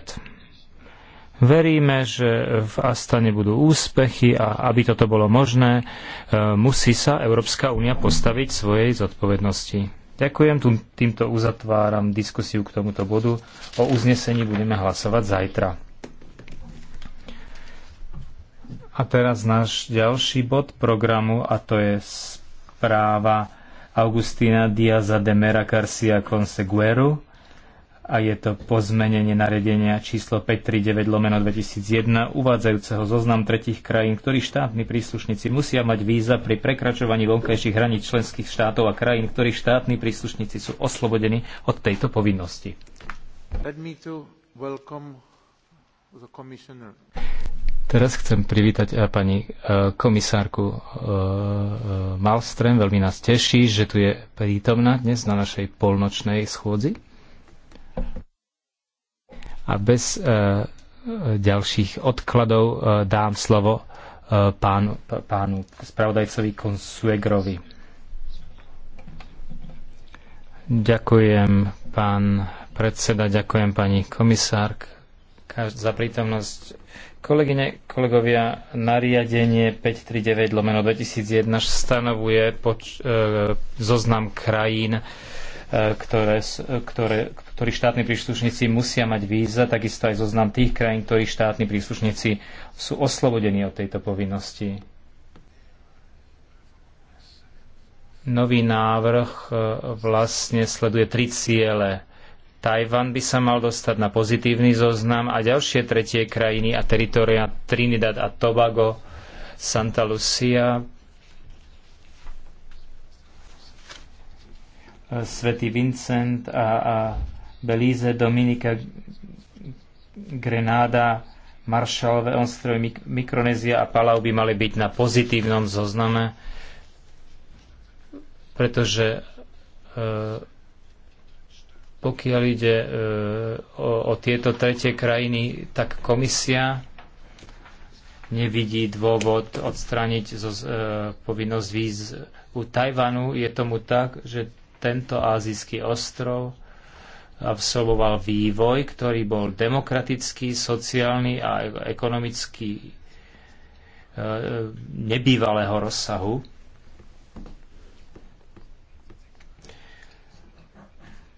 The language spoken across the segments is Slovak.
vpred. Veríme, že v Astane budú úspechy a aby toto bolo možné, e, musí sa Európska únia postaviť svojej zodpovednosti. Ďakujem, týmto uzatváram diskusiu k tomuto bodu. O uznesení budeme hlasovať zajtra. A teraz náš ďalší bod programu a to je správa Augustína Diaza de Mera Garcia Conseguero a je to pozmenenie naredenia číslo 539 lomeno 2001 uvádzajúceho zoznam tretich krajín, ktorých štátni príslušníci musia mať víza pri prekračovaní vonkajších hraníc členských štátov a krajín, ktorých štátni príslušníci sú oslobodení od tejto povinnosti. Teraz chcem privítať eh, pani eh, komisárku eh, Malstrem. Veľmi nás teší, že tu je prítomná dnes na našej polnočnej schôdzi. A bez e, e, ďalších odkladov e, dám slovo pánu, pánu spravodajcovi Konsuegrovi. Ďakujem, pán predseda, ďakujem pani komisárk za prítomnosť. Kolegyne, kolegovia, nariadenie 539 lomeno 2001 stanovuje poč- e, zoznam krajín, ktoré, ktoré, ktorí štátni príslušníci musia mať víza, takisto aj zoznam tých krajín, ktorých štátni príslušníci sú oslobodení od tejto povinnosti. Nový návrh e, vlastne sleduje tri ciele. Tajvan by sa mal dostať na pozitívny zoznam a ďalšie tretie krajiny a teritoria Trinidad a Tobago, Santa Lucia svätý Vincent a, a Belize, Dominika, Grenáda, Maršalové ostrovy, Mikronézia a Palau by mali byť na pozitívnom zozname, pretože e, pokiaľ ide e, o, o tieto tretie krajiny, tak komisia nevidí dôvod odstrániť zo, e, povinnosť víz. U Tajvanu je tomu tak, že tento azijský ostrov absolvoval vývoj, ktorý bol demokratický, sociálny a ekonomický e, nebývalého rozsahu.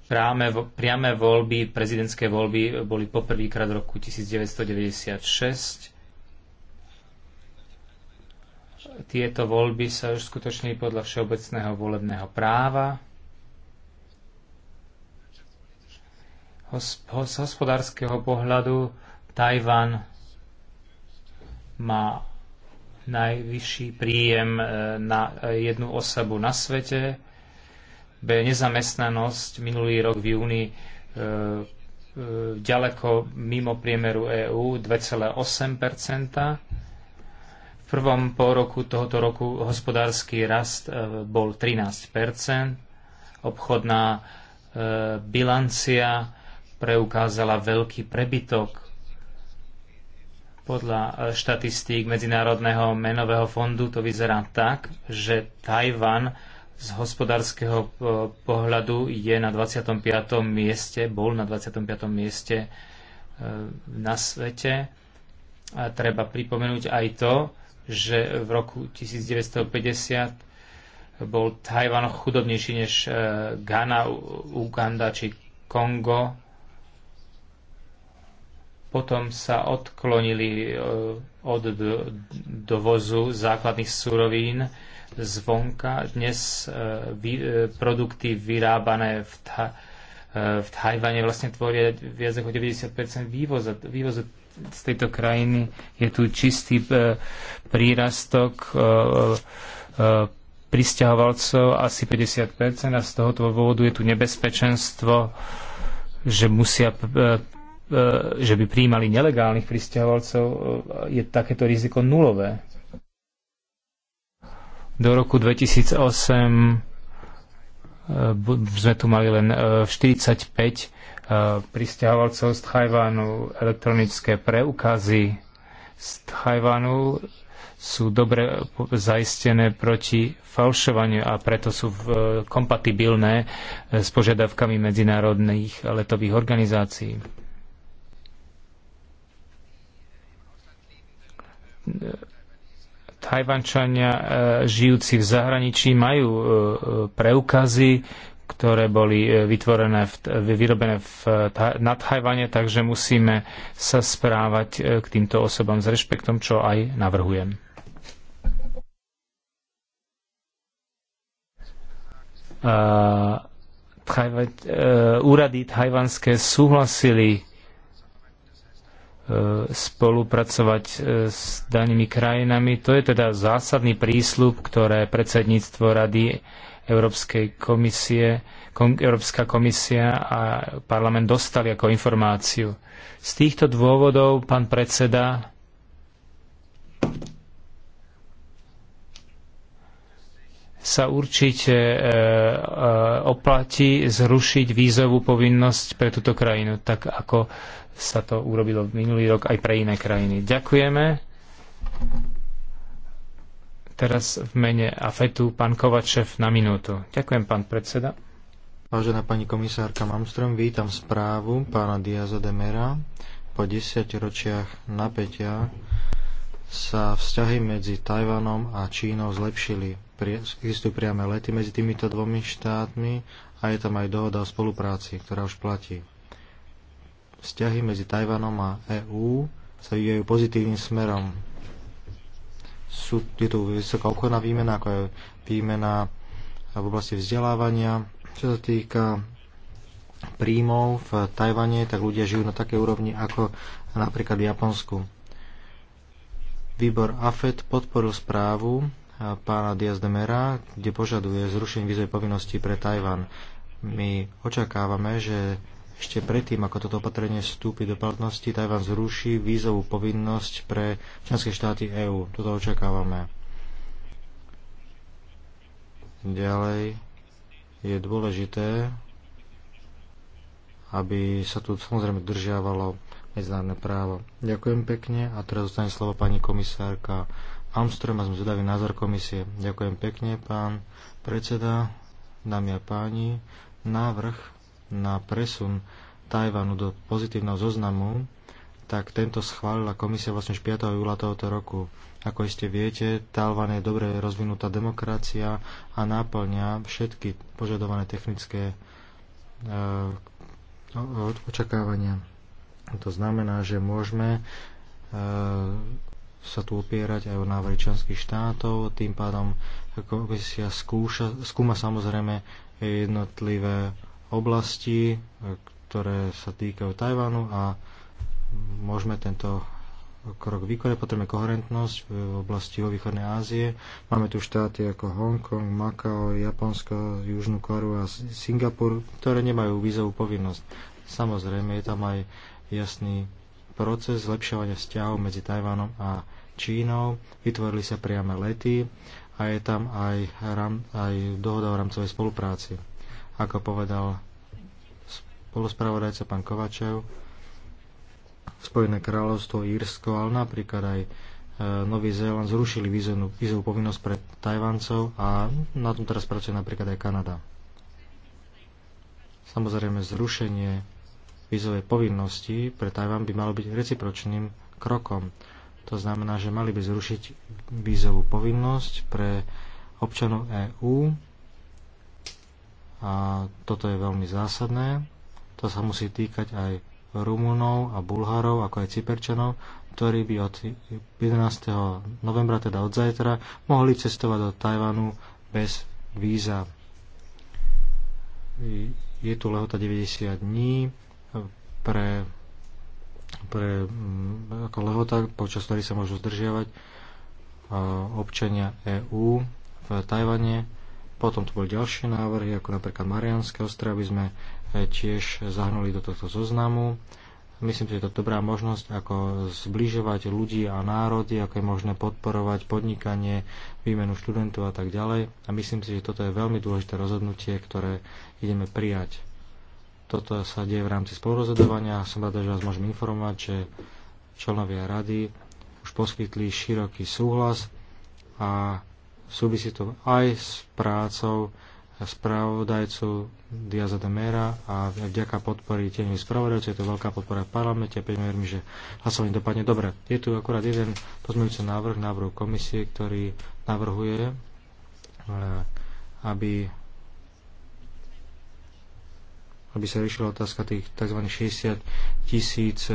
Práme, priame voľby, prezidentské voľby boli poprvýkrát v roku 1996. Tieto voľby sa už skutočnili podľa všeobecného volebného práva. z hospodárskeho pohľadu Tajvan má najvyšší príjem e, na e, jednu osobu na svete. Be Nezamestnanosť minulý rok v júni e, e, ďaleko mimo priemeru EÚ 2,8 V prvom pôroku tohoto roku hospodársky rast e, bol 13 Obchodná e, bilancia preukázala veľký prebytok. Podľa e, štatistík Medzinárodného menového fondu to vyzerá tak, že Tajvan z hospodárskeho e, pohľadu je na 25. mieste, bol na 25. mieste e, na svete. A treba pripomenúť aj to, že v roku 1950 bol Tajvan chudobnejší než Ghana, Uganda či Kongo, potom sa odklonili e, od dovozu základných surovín zvonka. Dnes e, e, produkty vyrábané v, ta, v Tajvane vlastne tvoria viac ako 90 vývoza, vývozu z tejto krajiny. Je tu čistý prírastok pristahovalcov asi 50 a z tohoto dôvodu je tu nebezpečenstvo, že musia E, že by príjmali nelegálnych pristahovalcov, e, je takéto riziko nulové. Do roku 2008 e, sme tu mali len 45 pristahovalcov z Tajvánu, elektronické preukazy z Tajvánu sú dobre zaistené proti falšovaniu a preto sú kompatibilné s požiadavkami medzinárodných letových organizácií. Tajvančania e, žijúci v zahraničí majú e, preukazy, ktoré boli e, vytvorené, vyrobené v, na Tajvane, takže musíme sa správať k týmto osobám s rešpektom, čo aj navrhujem. Uh, úrady tajvanské súhlasili E, spolupracovať e, s danými krajinami. To je teda zásadný prísľub, ktoré predsedníctvo Rady Európskej komisie, Európska komisia a parlament dostali ako informáciu. Z týchto dôvodov, pán predseda, sa určite e, e, oplatí zrušiť vízovú povinnosť pre túto krajinu, tak ako sa to urobilo minulý rok aj pre iné krajiny. Ďakujeme. Teraz v mene AFETu pán Kovačev na minútu. Ďakujem, pán predseda. Vážená pani komisárka Mamström, vítam správu pána Diaza de Mera po desiatročiach napätia sa vzťahy medzi Tajvanom a Čínou zlepšili. Existujú priame lety medzi týmito dvomi štátmi a je tam aj dohoda o spolupráci, ktorá už platí. Vzťahy medzi Tajvanom a EÚ sa vyvíjajú pozitívnym smerom. Sú, je tu vysoká obchodná výmena, ako je výmena v oblasti vzdelávania. Čo sa týka príjmov v Tajvane, tak ľudia žijú na takej úrovni ako napríklad v Japonsku Výbor AFET podporil správu eh, pána Diaz de Mera, kde požaduje zrušenie vízovej povinnosti pre Tajvan. My očakávame, že ešte predtým, ako toto opatrenie vstúpi do platnosti, Tajvan zruší vízovú povinnosť pre členské štáty EÚ. Toto očakávame. Ďalej je dôležité, aby sa tu samozrejme držiavalo medzinárodné právo. Ďakujem pekne a teraz zostane slovo pani komisárka Amström a sme zvedaví názor komisie. Ďakujem pekne, pán predseda, dámy a páni. Návrh na presun Tajvanu do pozitívneho zoznamu, tak tento schválila komisia vlastne už 5. júla tohoto roku. Ako iste viete, Talvan je dobre rozvinutá demokracia a náplňa všetky požadované technické e, očakávania. To znamená, že môžeme e, sa tu opierať aj o návrhy členských štátov, tým pádom komisia skúša, skúma samozrejme jednotlivé oblasti, e, ktoré sa týkajú Tajvanu a môžeme tento krok vykonať. potrebujeme koherentnosť v oblasti východnej Ázie. Máme tu štáty ako Hongkong, Makao, Japonsko, Južnú Koreu a Singapur, ktoré nemajú vízovú povinnosť. Samozrejme, je tam aj jasný proces zlepšovania vzťahov medzi Tajvanom a Čínou, vytvorili sa priame lety a je tam aj, ram, aj dohoda o rámcovej spolupráci. Ako povedal spoluspravodajca pán Kovačev, Spojené kráľovstvo, Írsko, ale napríklad aj e, Nový Zéland zrušili vízovú, vízovú povinnosť pre Tajvancov a na tom teraz pracuje napríklad aj Kanada. Samozrejme zrušenie vízovej povinnosti pre Tajván by malo byť recipročným krokom. To znamená, že mali by zrušiť vízovú povinnosť pre občanov EÚ a toto je veľmi zásadné. To sa musí týkať aj Rumunov a Bulharov, ako aj Cyperčanov, ktorí by od 11. novembra, teda od zajtra, mohli cestovať do Tajvanu bez víza. Je tu lehota 90 dní pre, pre mm, ako lehota, počas ktorých sa môžu zdržiavať občania EÚ v Tajvane. Potom tu boli ďalšie návrhy, ako napríklad Marianské ostrovy sme e, tiež zahnuli do tohto zoznamu. Myslím, že je to dobrá možnosť, ako zbližovať ľudí a národy, ako je možné podporovať podnikanie, výmenu študentov a tak ďalej. A myslím si, že toto je veľmi dôležité rozhodnutie, ktoré ideme prijať. Toto sa deje v rámci spolurozhodovania. Som rád, že vás môžem informovať, že členovia rady už poskytli široký súhlas a súvisí to aj s prácou spravodajcu Diaza de Mera a vďaka podpory tieňových spravodajcov je to veľká podpora v parlamente a pevne verím, že hlasovanie dopadne dobre. Je tu akurát jeden pozmeňujúci návrh návrh komisie, ktorý navrhuje, eh, aby aby sa riešila otázka tých tzv. 60 tisíc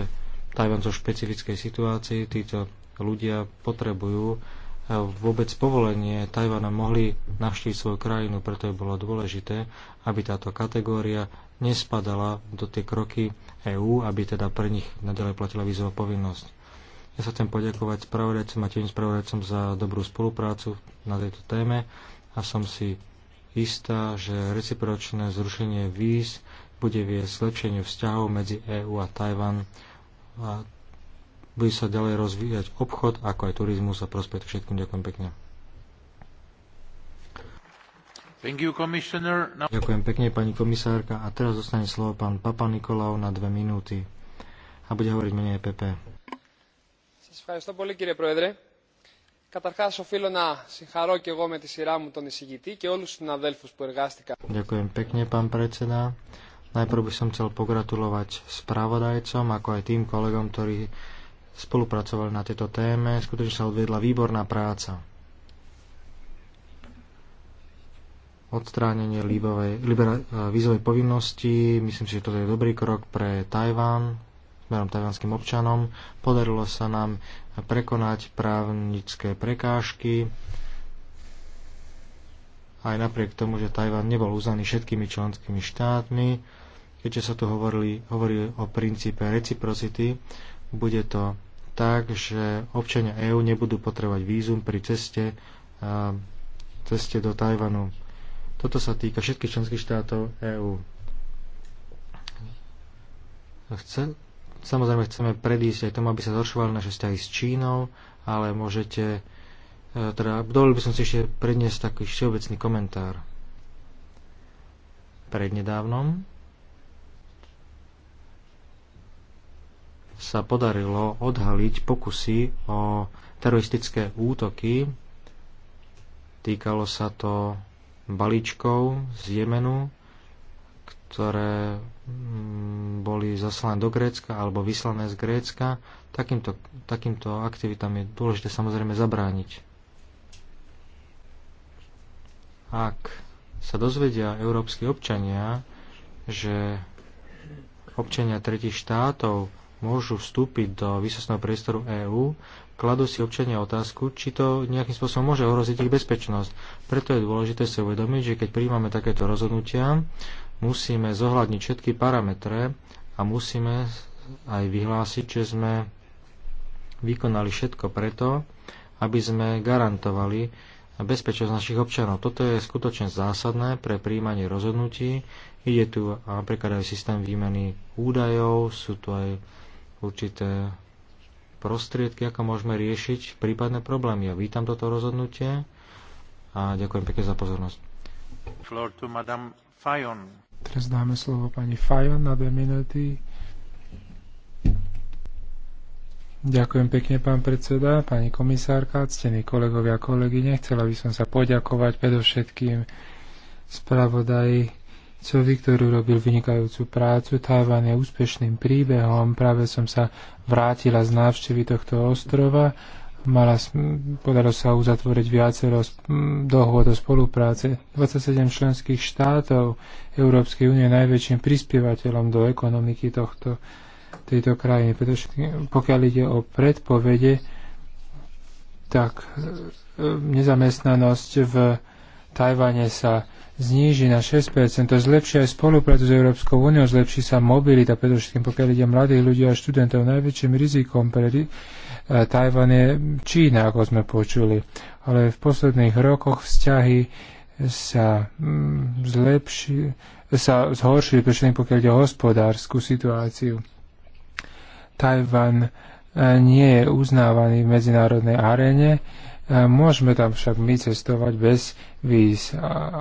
Tajvancov v špecifickej situácii. Títo ľudia potrebujú eh, vôbec povolenie Tajvana mohli navštíviť svoju krajinu, preto je bolo dôležité, aby táto kategória nespadala do tie kroky EÚ, aby teda pre nich nadalej platila vízová povinnosť. Ja sa chcem poďakovať spravodajcom a tým spravodajcom za dobrú spoluprácu na tejto téme a som si istá, že recipročné zrušenie víz bude viesť zlepšeniu vzťahov medzi EÚ a Tajvan a bude sa ďalej rozvíjať obchod, ako aj turizmus a prospekt všetkým. Ďakujem pekne. Thank you, Now... Ďakujem pekne, pani komisárka. A teraz dostane slovo pán Papa Nikolau na dve minúty a bude hovoriť menej PP. E Ďakujem pekne, pán predseda. Najprv by som chcel pogratulovať spravodajcom, ako aj tým kolegom, ktorí spolupracovali na tejto téme. Skutočne sa odvedla výborná práca. Odstránenie eh, vízovej povinnosti, myslím si, že toto je dobrý krok pre Tajván, smerom tajvanským občanom. Podarilo sa nám prekonať právnické prekážky aj napriek tomu, že Tajván nebol uznaný všetkými členskými štátmi, keďže sa tu hovorili, hovorili o princípe reciprocity, bude to tak, že občania EÚ nebudú potrebovať vízum pri ceste, ceste do Tajvanu. Toto sa týka všetkých členských štátov EÚ. Chce, samozrejme chceme predísť aj tomu, aby sa zhoršovali naše vzťahy s Čínou, ale môžete E, teda dovolil by som si ešte predniesť taký všeobecný komentár. Prednedávnom sa podarilo odhaliť pokusy o teroristické útoky. Týkalo sa to balíčkov z Jemenu, ktoré mm, boli zaslané do Grécka alebo vyslané z Grécka. Takýmto, takýmto aktivitám je dôležité samozrejme zabrániť. Ak sa dozvedia európsky občania, že občania tretich štátov môžu vstúpiť do výsostného priestoru EÚ, kladú si občania otázku, či to nejakým spôsobom môže ohroziť ich bezpečnosť. Preto je dôležité si uvedomiť, že keď príjmame takéto rozhodnutia, musíme zohľadniť všetky parametre a musíme aj vyhlásiť, že sme vykonali všetko preto, aby sme garantovali bezpečnosť našich občanov. Toto je skutočne zásadné pre príjmanie rozhodnutí. Ide tu napríklad aj systém výmeny údajov, sú tu aj určité prostriedky, ako môžeme riešiť prípadné problémy. Ja vítam toto rozhodnutie a ďakujem pekne za pozornosť. Teraz dáme slovo pani Fajon na dve minúty. Ďakujem pekne, pán predseda, pani komisárka, ctení kolegovia a kolegyne. Chcela by som sa poďakovať predovšetkým spravodajcovi, ktorý robil vynikajúcu prácu. Tajván je úspešným príbehom. Práve som sa vrátila z návštevy tohto ostrova. Mala, podarilo sa uzatvoriť viacero dohôd o spolupráce. 27 členských štátov Európskej únie najväčším prispievateľom do ekonomiky tohto ostrova tejto krajiny. Pretože pokiaľ ide o predpovede, tak e, nezamestnanosť v Tajvane sa zníži na 6%, to zlepší aj spoluprácu s Európskou úniou, zlepší sa mobilita, predovšetkým pokiaľ ide mladých ľudí a študentov. Najväčším rizikom pre e, Tajvan je Čína, ako sme počuli. Ale v posledných rokoch vzťahy sa mm, zlepšili, sa zhoršili, predovšetkým pokiaľ ide o hospodárskú situáciu. Tajvan e, nie je uznávaný v medzinárodnej aréne, e, Môžeme tam však my cestovať bez víz,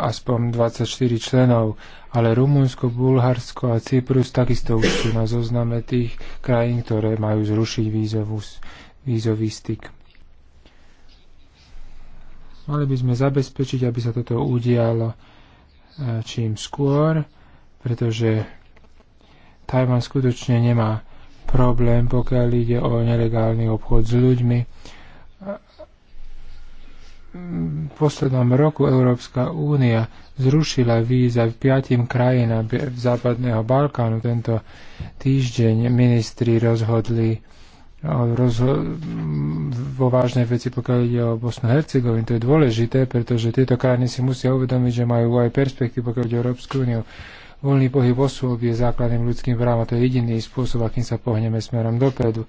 aspoň 24 členov, ale Rumunsko, Bulharsko a Cyprus takisto už sú na zozname tých krajín, ktoré majú zrušiť vízovú, vízový styk. Mali by sme zabezpečiť, aby sa toto udialo e, čím skôr, pretože Tajvan skutočne nemá problém, pokiaľ ide o nelegálny obchod s ľuďmi. V poslednom roku Európska únia zrušila víza v piatim krajinám západného Balkánu. Tento týždeň ministri rozhodli rozho- vo vážnej veci, pokiaľ ide o Bosnu Hercegovinu. To je dôležité, pretože tieto krajiny si musia uvedomiť, že majú aj perspektívu pokiaľ ide o Európsku úniu. Voľný pohyb osôb je základným ľudským právom a to je jediný spôsob, akým sa pohneme smerom dopredu.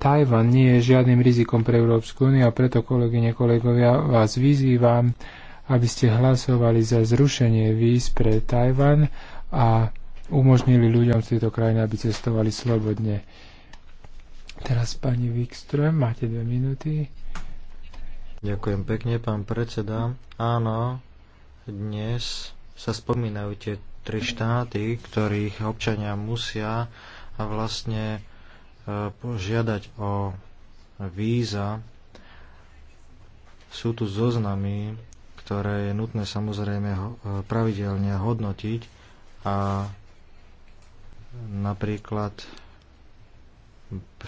Tajvan nie je žiadnym rizikom pre Európsku úniu a preto, kolegyne, kolegovia, vás vyzývam, aby ste hlasovali za zrušenie víz pre Tajvan a umožnili ľuďom z tejto krajiny, aby cestovali slobodne. Teraz pani Wikström, máte dve minúty. Ďakujem pekne, pán predseda. Áno, dnes sa spomínajú tie tri štáty, ktorých občania musia vlastne e, požiadať o víza. Sú tu zoznamy, ktoré je nutné samozrejme e, pravidelne hodnotiť a napríklad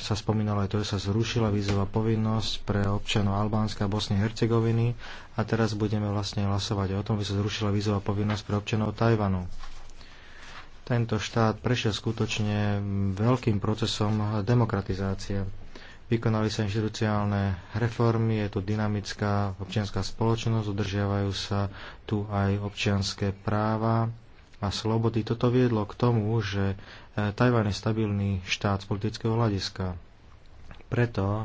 sa spomínalo aj to, že sa zrušila vízová povinnosť pre občanov Albánska a Bosny a Hercegoviny a teraz budeme vlastne hlasovať o tom, že sa zrušila vízová povinnosť pre občanov Tajvanu. Tento štát prešiel skutočne veľkým procesom demokratizácie. Vykonali sa inštitucionálne reformy, je tu dynamická občianská spoločnosť, udržiavajú sa tu aj občianské práva, a slobody. Toto viedlo k tomu, že e, Tajván je stabilný štát z politického hľadiska. Preto e,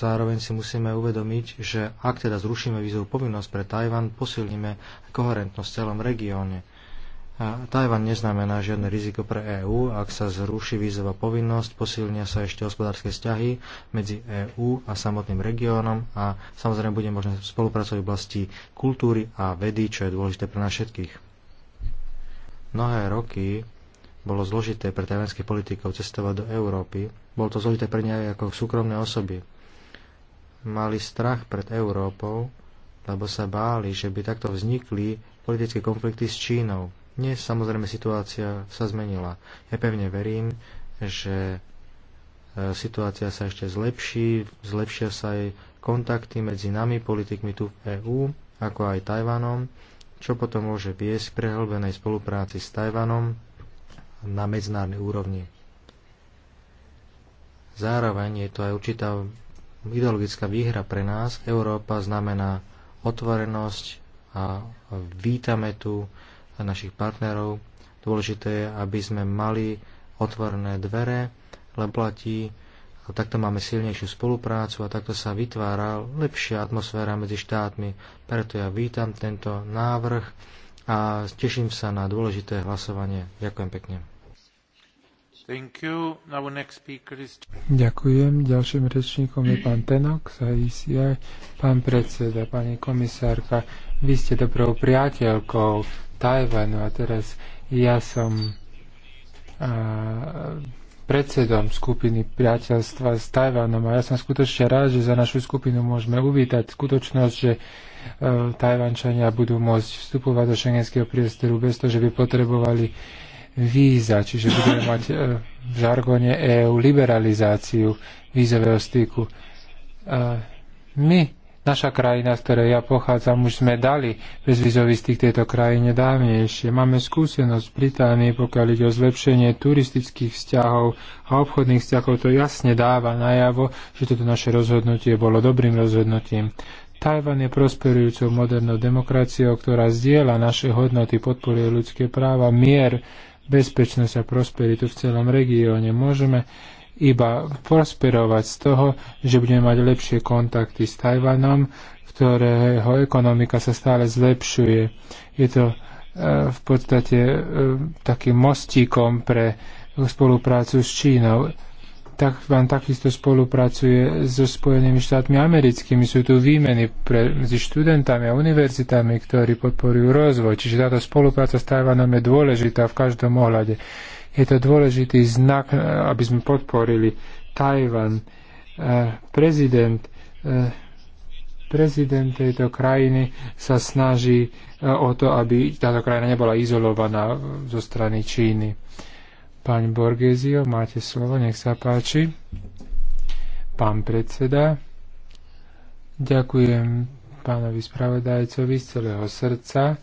zároveň si musíme uvedomiť, že ak teda zrušíme vízovú povinnosť pre Tajvan, posilníme koherentnosť v celom regióne. Tajvan neznamená žiadne riziko pre EÚ, ak sa zruší vízová povinnosť, posilnia sa ešte hospodárske vzťahy medzi EÚ a samotným regiónom a samozrejme bude možné spolupracovať v oblasti kultúry a vedy, čo je dôležité pre nás všetkých. Mnohé roky bolo zložité pre tajvanských politikov cestovať do Európy. Bolo to zložité pre nej ako súkromné osoby. Mali strach pred Európou, lebo sa báli, že by takto vznikli politické konflikty s Čínou. Dnes samozrejme situácia sa zmenila. Ja pevne verím, že e, situácia sa ešte zlepší, zlepšia sa aj kontakty medzi nami, politikmi tu v EÚ, ako aj Tajvanom, čo potom môže viesť k prehlbenej spolupráci s Tajvanom na medzinárodnej úrovni. Zároveň je to aj určitá ideologická výhra pre nás. Európa znamená otvorenosť a vítame tu a našich partnerov. Dôležité je, aby sme mali otvorené dvere, ale platí, a takto máme silnejšiu spoluprácu a takto sa vytvára lepšia atmosféra medzi štátmi. Preto ja vítam tento návrh a teším sa na dôležité hlasovanie. Ďakujem pekne. Is... Ďakujem. Ďalším rečníkom je pán Tenok z ICI. E pán predseda, pani komisárka, vy ste dobrou priateľkou Tajvanu a teraz ja som a, predsedom skupiny priateľstva s Tajvanom a ja som skutočne rád, že za našu skupinu môžeme uvítať skutočnosť, že e, Tajvančania budú môcť vstupovať do šengenského priestoru bez toho, že by potrebovali víza, čiže budeme mať e, v žargone EU liberalizáciu vízového styku. E, my Naša krajina, z ktorej ja pochádzam, už sme dali bezvizový styk tejto krajine dávnejšie. Máme skúsenosť v Británii, pokiaľ ide o zlepšenie turistických vzťahov a obchodných vzťahov, to jasne dáva najavo, že toto naše rozhodnutie bolo dobrým rozhodnutím. Tajvan je prosperujúcou modernou demokraciou, ktorá zdieľa naše hodnoty, podporuje ľudské práva, mier, bezpečnosť a prosperitu v celom regióne. Môžeme iba prosperovať z toho, že budeme mať lepšie kontakty s Tajvanom, ktorého ekonomika sa stále zlepšuje. Je to e, v podstate e, takým mostíkom pre spoluprácu s Čínou. Tak vám takisto spolupracuje so Spojenými štátmi americkými. Sú tu výmeny pre, medzi študentami a univerzitami, ktorí podporujú rozvoj. Čiže táto spolupráca s Tajvanom je dôležitá v každom ohľade. Je to dôležitý znak, e, aby sme podporili Tajvan. E, prezident, e, prezident tejto krajiny sa snaží o to, aby táto krajina nebola izolovaná zo strany Číny. Pán Borgesio, máte slovo, nech sa páči. Pán predseda, ďakujem pánovi spravodajcovi z celého srdca,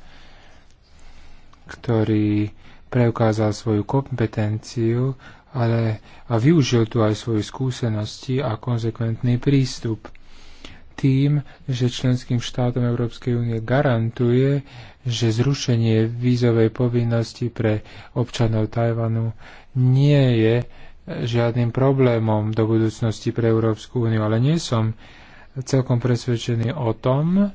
ktorý preukázal svoju kompetenciu, ale a využil tu aj svoje skúsenosti a konzekventný prístup. Tým, že členským štátom Európskej únie garantuje, že zrušenie vízovej povinnosti pre občanov Tajvanu nie je žiadnym problémom do budúcnosti pre Európsku úniu, ale nie som celkom presvedčený o tom,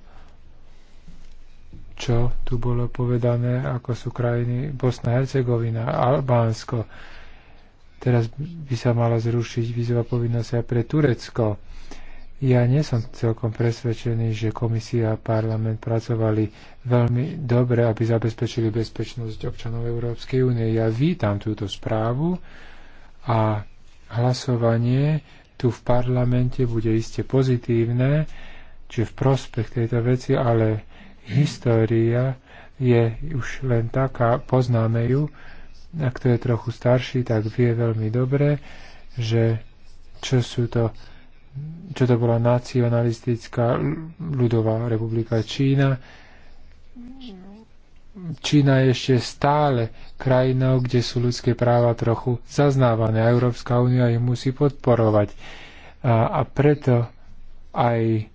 čo tu bolo povedané, ako sú krajiny Bosna, Hercegovina, Albánsko. Teraz by sa mala zrušiť vízová povinnosť aj pre Turecko. Ja nie som celkom presvedčený, že komisia a parlament pracovali veľmi dobre, aby zabezpečili bezpečnosť občanov Európskej únie. Ja vítam túto správu a hlasovanie tu v parlamente bude iste pozitívne, či v prospech tejto veci, ale história je už len taká, poznáme ju, a kto je trochu starší, tak vie veľmi dobre, že čo sú to čo to bola nacionalistická ľudová republika Čína. Čína je ešte stále krajinou, kde sú ľudské práva trochu zaznávané a Európska únia ich musí podporovať. A, a preto aj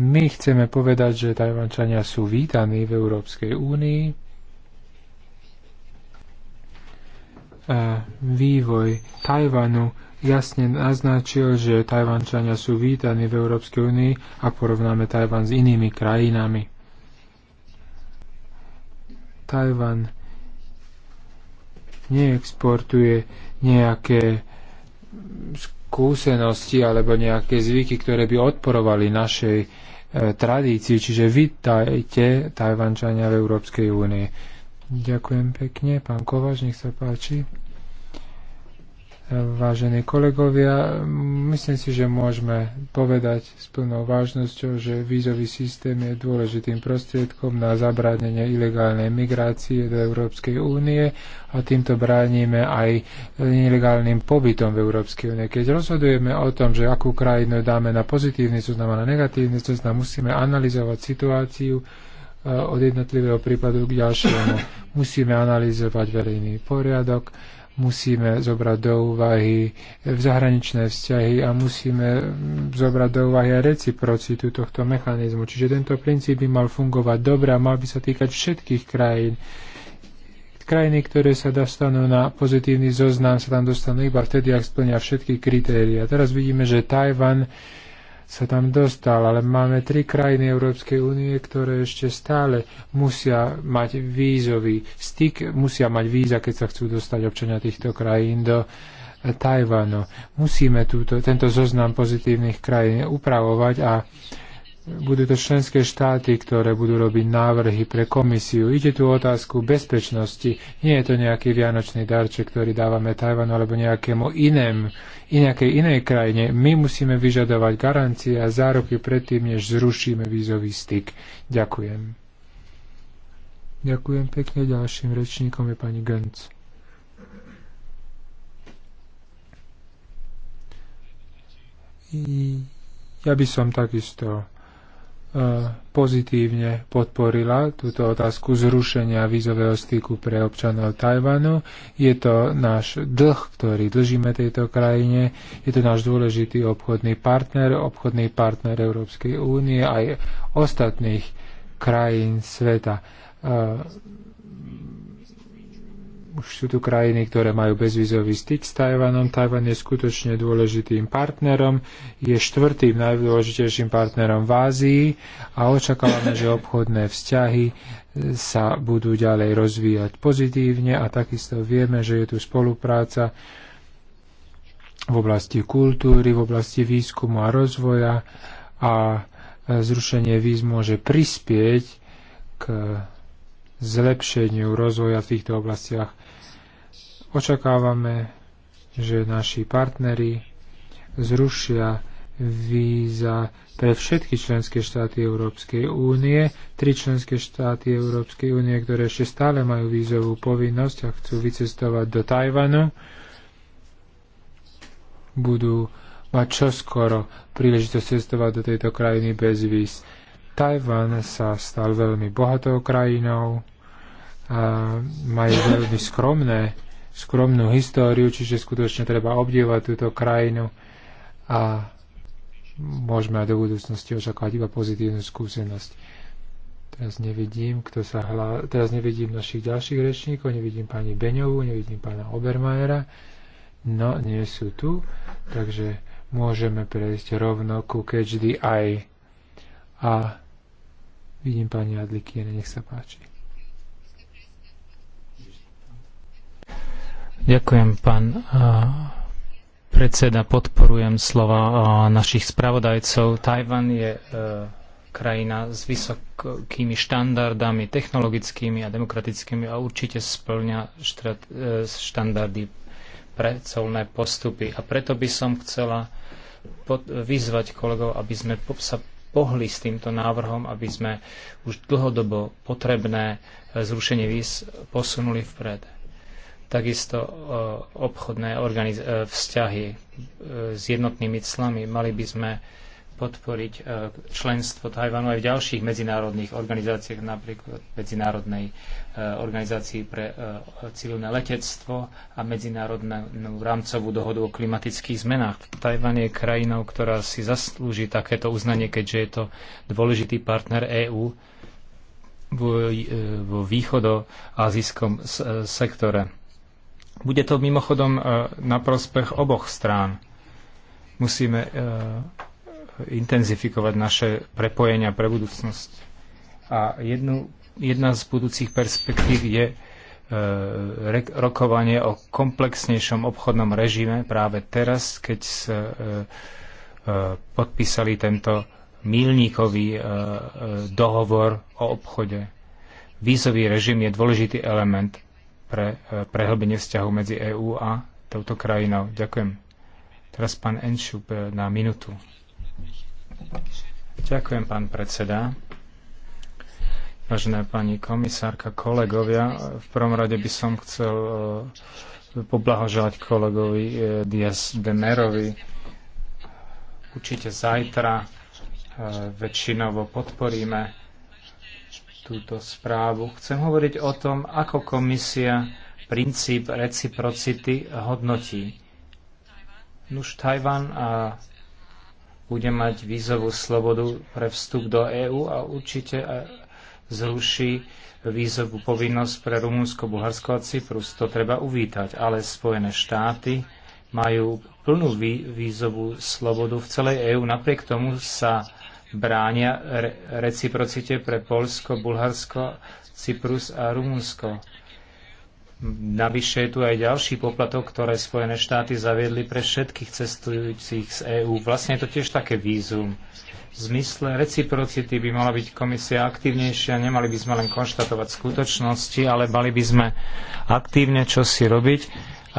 my chceme povedať, že Tajvančania sú vítaní v Európskej únii. Vývoj Tajvanu jasne naznačil, že Tajvančania sú vítaní v Európskej únii a porovnáme Tajvan s inými krajinami. Tajvan neexportuje nejaké skúsenosti alebo nejaké zvyky, ktoré by odporovali našej e, tradícii. Čiže vítajte Tajvančania v Európskej únii. Ďakujem pekne. Pán Kovač, nech sa páči. Vážení kolegovia, myslím si, že môžeme povedať s plnou vážnosťou, že vízový systém je dôležitým prostriedkom na zabránenie ilegálnej migrácie do Európskej únie a týmto bránime aj nelegálnym pobytom v Európskej únie. Keď rozhodujeme o tom, že akú krajinu dáme na pozitívny zoznam a na negatívny zoznam, musíme analyzovať situáciu, eh, od jednotlivého prípadu k ďalšiemu. Musíme analyzovať verejný poriadok, musíme zobrať do úvahy v zahraničné vzťahy a musíme zobrať do úvahy aj reciprocitu tohto mechanizmu. Čiže tento princíp by mal fungovať dobre a mal by sa týkať všetkých krajín. Krajiny, ktoré sa dostanú na pozitívny zoznam, sa tam dostanú iba vtedy, ak splnia všetky kritéria. Teraz vidíme, že Tajvan sa tam dostal, ale máme tri krajiny Európskej únie, ktoré ešte stále musia mať vízový styk, musia mať víza, keď sa chcú dostať občania týchto krajín do eh, Tajvanu. Musíme túto, tento zoznam pozitívnych krajín upravovať a budú to členské štáty, ktoré budú robiť návrhy pre komisiu. Ide tu o otázku bezpečnosti. Nie je to nejaký vianočný darček, ktorý dávame Tajvanu alebo nejakému iném, nejakej inej krajine. My musíme vyžadovať garancie a zároky predtým, než zrušíme vízový styk. Ďakujem. Ďakujem pekne. Ďalším rečníkom je pani Gönc. Ja by som takisto pozitívne podporila túto otázku zrušenia vízového styku pre občanov Tajvanu. Je to náš dlh, ktorý dlžíme tejto krajine. Je to náš dôležitý obchodný partner, obchodný partner Európskej únie aj ostatných krajín sveta. Už sú tu krajiny, ktoré majú bezvizový styk s Tajvanom. Tajvan je skutočne dôležitým partnerom, je štvrtým najdôležitejším partnerom v Ázii a očakávame, že obchodné vzťahy e, sa budú ďalej rozvíjať pozitívne a takisto vieme, že je tu spolupráca v oblasti kultúry, v oblasti výskumu a rozvoja a e, zrušenie víz môže prispieť k zlepšeniu rozvoja v týchto oblastiach Očakávame, že naši partneri zrušia víza pre všetky členské štáty Európskej únie. Tri členské štáty Európskej únie, ktoré ešte stále majú vízovú povinnosť a chcú vycestovať do Tajvanu, budú mať čoskoro príležitosť cestovať do tejto krajiny bez víz. Tajvan sa stal veľmi bohatou krajinou, majú veľmi skromné skromnú históriu, čiže skutočne treba obdievať túto krajinu a môžeme aj do budúcnosti očakávať iba pozitívnu skúsenosť. Teraz nevidím, kto sa hlá... Teraz nevidím našich ďalších rečníkov, nevidím pani Beňovú, nevidím pána Obermajera. No, nie sú tu, takže môžeme prejsť rovno ku Catch the Eye. A vidím pani Adlikiene, nech sa páči. Ďakujem, pán predseda. Podporujem slova našich spravodajcov. Tajvan je e, krajina s vysokými štandardami technologickými a demokratickými a určite splňa e, štandardy pre colné postupy. A preto by som chcela vyzvať kolegov, aby sme sa pohli s týmto návrhom, aby sme už dlhodobo potrebné e, zrušenie víz posunuli vpred takisto e, obchodné e, vzťahy e, s jednotnými clami. Mali by sme podporiť členstvo Tajvanu aj v ďalších medzinárodných organizáciách, napríklad Medzinárodnej organizácii pre civilné letectvo a Medzinárodnú rámcovú dohodu o klimatických zmenách. Tajvan je krajinou, ktorá si zaslúži takéto uznanie, keďže je to dôležitý partner EÚ vo východo-azijskom sektore. Bude to mimochodom e, na prospech oboch strán. Musíme e, intenzifikovať naše prepojenia pre budúcnosť. A jednu, jedna z budúcich perspektív je e, rokovanie o komplexnejšom obchodnom režime práve teraz, keď sa podpísali tento milníkový dohovor o obchode. Vízový režim je dôležitý element pre e, prehlbenie vzťahu medzi EÚ a touto krajinou. Ďakujem. Teraz pán Enšup e, na minutu. Ďakujem, pán predseda. Vážená pani komisárka, kolegovia, v prvom rade by som chcel e, poblahoželať kolegovi Dias Demerovi. Určite zajtra väčšinovo podporíme túto správu. Chcem hovoriť o tom, ako komisia princíp reciprocity hodnotí. Nuž Tajvan a bude mať vízovú slobodu pre vstup do EÚ a určite e, zruší vízovú povinnosť pre Rumunsko, Bulharsko a Cyprus. To treba uvítať, ale Spojené štáty majú plnú vízovú slobodu v celej EÚ. Napriek tomu sa bránia reciprocite pre Polsko, Bulharsko, Cyprus a Rumunsko. Navyše je tu aj ďalší poplatok, ktoré Spojené štáty zaviedli pre všetkých cestujúcich z EÚ. Vlastne je to tiež také vízum. V zmysle reciprocity by mala byť komisia aktívnejšia. Nemali by sme len konštatovať skutočnosti, ale mali by sme aktívne čosi robiť,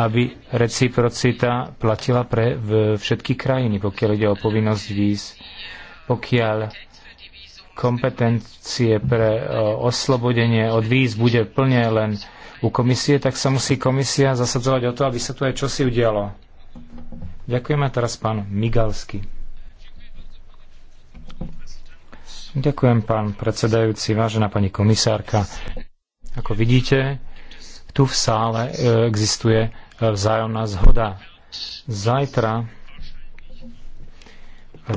aby reciprocita platila pre všetky krajiny, pokiaľ ide o povinnosť víz pokiaľ kompetencie pre e, oslobodenie od víz bude plne len u komisie, tak sa musí komisia zasadzovať o to, aby sa tu aj čosi udialo. Ďakujeme teraz pán Migalsky. Ďakujem pán predsedajúci, vážená pani komisárka. Ako vidíte, tu v sále e, existuje e, vzájomná zhoda. Zajtra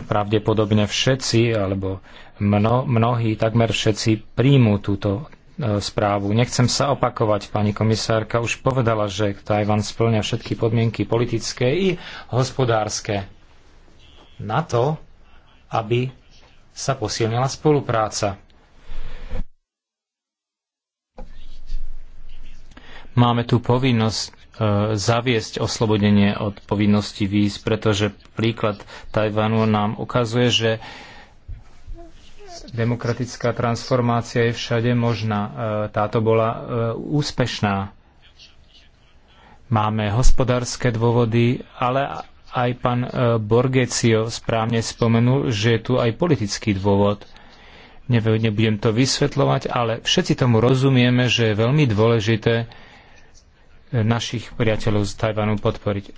pravdepodobne všetci, alebo mno, mnohí, takmer všetci príjmú túto e, správu. Nechcem sa opakovať, pani komisárka už povedala, že Tajvan splňa všetky podmienky politické i hospodárske na to, aby sa posilnila spolupráca. Máme tu povinnosť E, zaviesť oslobodenie od povinnosti víz, pretože príklad Tajvanu nám ukazuje, že demokratická transformácia je všade možná. E, táto bola e, úspešná. Máme hospodárske dôvody, ale aj pán Borgecio správne spomenul, že je tu aj politický dôvod. Nebudem to vysvetľovať, ale všetci tomu rozumieme, že je veľmi dôležité, našich priateľov z Tajvanu podporiť.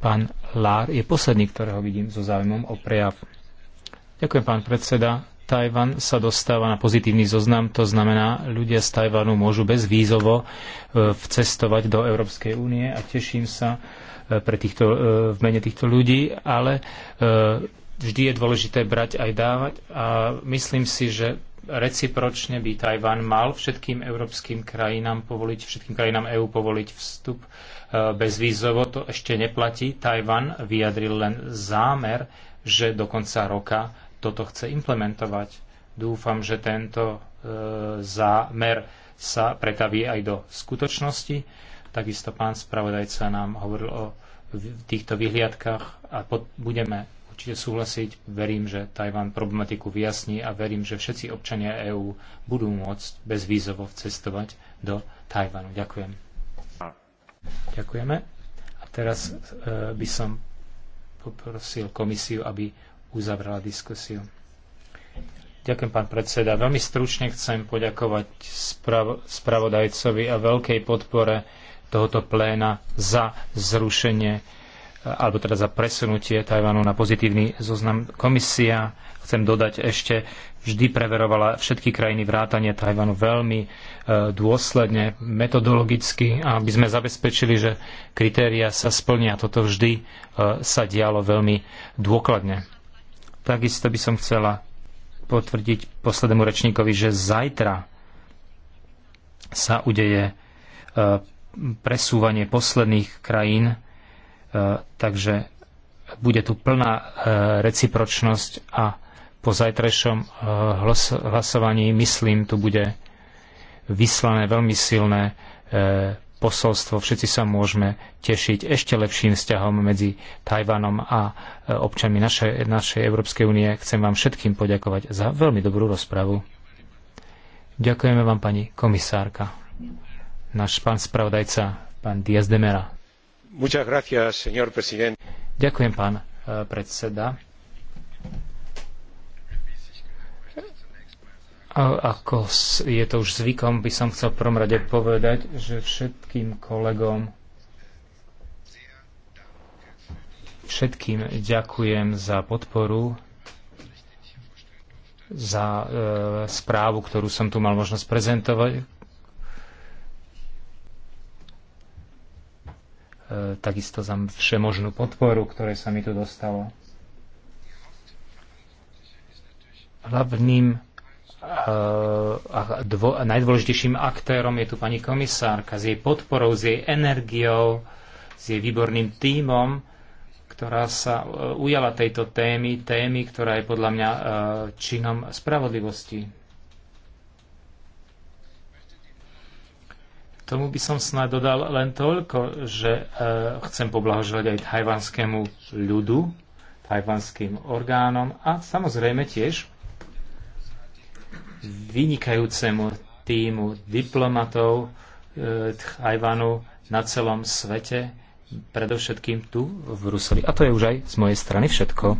Pán Lár je posledný, ktorého vidím so záujmom o prejav. Ďakujem, pán predseda. Tajvan sa dostáva na pozitívny zoznam, to znamená, ľudia z Tajvanu môžu bez vízovo e, vcestovať do Európskej únie a teším sa e, pre týchto, e, v mene týchto ľudí, ale vždy je dôležité brať aj dávať a myslím si, že recipročne by Tajván mal všetkým európskym krajinám povoliť, všetkým krajinám EÚ povoliť vstup e, bezvízovo. To ešte neplatí. Tajván vyjadril len zámer, že do konca roka toto chce implementovať. Dúfam, že tento e, zámer sa pretaví aj do skutočnosti. Takisto pán spravodajca nám hovoril o týchto vyhliadkach a pod, budeme určite súhlasiť. Verím, že Tajván problematiku vyjasní a verím, že všetci občania EÚ budú môcť bezvízovo cestovať do Tajvanu. Ďakujem. Ďakujeme. A teraz e, by som poprosil komisiu, aby uzavrala diskusiu. Ďakujem, pán predseda. Veľmi stručne chcem poďakovať sprav- spravodajcovi a veľkej podpore tohoto pléna za zrušenie alebo teda za presunutie Tajvanu na pozitívny zoznam. Komisia, chcem dodať ešte, vždy preverovala všetky krajiny vrátania Tajvanu veľmi e, dôsledne, metodologicky, aby sme zabezpečili, že kritéria sa splnia. Toto vždy e, sa dialo veľmi dôkladne. Takisto by som chcela potvrdiť poslednému rečníkovi, že zajtra sa udeje e, presúvanie posledných krajín E, takže bude tu plná e, recipročnosť a po zajtrajšom e, hlasovaní, myslím, tu bude vyslané veľmi silné posolstvo. Všetci sa môžeme tešiť ešte lepším vzťahom medzi Tajvanom a občanmi našej, našej Európskej únie. Chcem vám všetkým poďakovať za veľmi dobrú rozpravu. Ďakujeme vám, pani komisárka. Náš pán spravodajca, pán Diaz de Mera. Ďakujem, pán eh, predseda. A ako je to už zvykom, by som chcel v prvom rade povedať, že všetkým kolegom všetkým ďakujem za podporu, za e, správu, ktorú som tu mal možnosť prezentovať, E, takisto za všemožnú podporu, ktoré sa mi tu dostalo. Hlavným e, a dvo, najdôležitejším aktérom je tu pani komisárka s jej podporou, s jej energiou, s jej výborným tímom, ktorá sa e, ujala tejto témy, témy, ktorá je podľa mňa činom spravodlivosti. tomu by som snad dodal len toľko, že uh, chcem poblahoželať aj tajvanskému ľudu, tajvanským orgánom a samozrejme tiež vynikajúcemu týmu diplomatov uh, e, Tajvanu na celom svete, predovšetkým tu v Bruseli. A to je už aj z mojej strany všetko.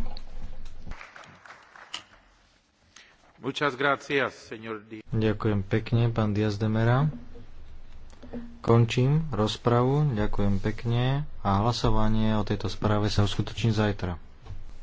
Ďakujem pekne, pán Diaz de Mera. Končím rozpravu, ďakujem pekne a hlasovanie o tejto správe sa uskutoční zajtra.